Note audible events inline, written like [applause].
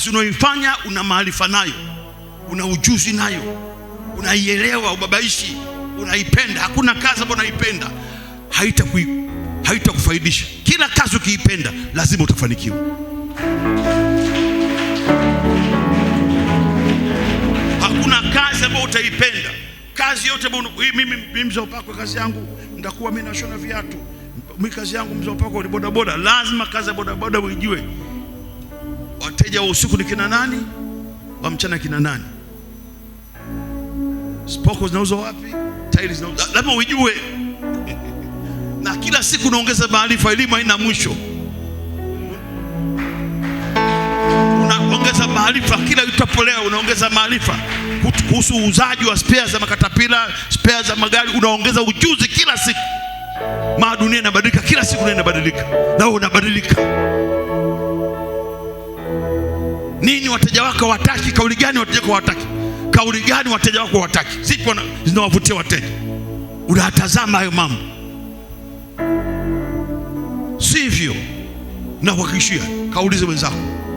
kazi unayoifanya una maarifa nayo, una ujuzi nayo, unaielewa ubabaishi, unaipenda. Hakuna kazi ambayo unaipenda haitakufaidisha. Haita kila kazi ukiipenda lazima utafanikiwa. Hakuna kazi ambayo utaipenda kazi yote. Mimi mzee upako kazi yangu nitakuwa mimi nashona viatu, mimi kazi yangu mzee upako ni bodaboda. Lazima kazi ya bodaboda uijue. Wateja wa usiku ni kina nani? Wa mchana kina nani? Spoko zinauzwa wapi? Tairi zinauzwa, lazima ujue. [laughs] Na kila siku unaongeza maarifa, elimu haina mwisho. Unaongeza maarifa kila utapolea, unaongeza maarifa kuhusu uuzaji wa spea za makatapila, spea za magari, unaongeza ujuzi kila siku. Maa dunia inabadilika kila siku, dunia inabadilika na wewe unabadilika nini wateja wako hawataki? Kauli gani wateja wako hawataki? Kauli gani wateja wako hawataki? Zipo zinawavutia wateja, unatazama hayo mambo, sivyo? Nakuhakikishia, kaulize wenzako.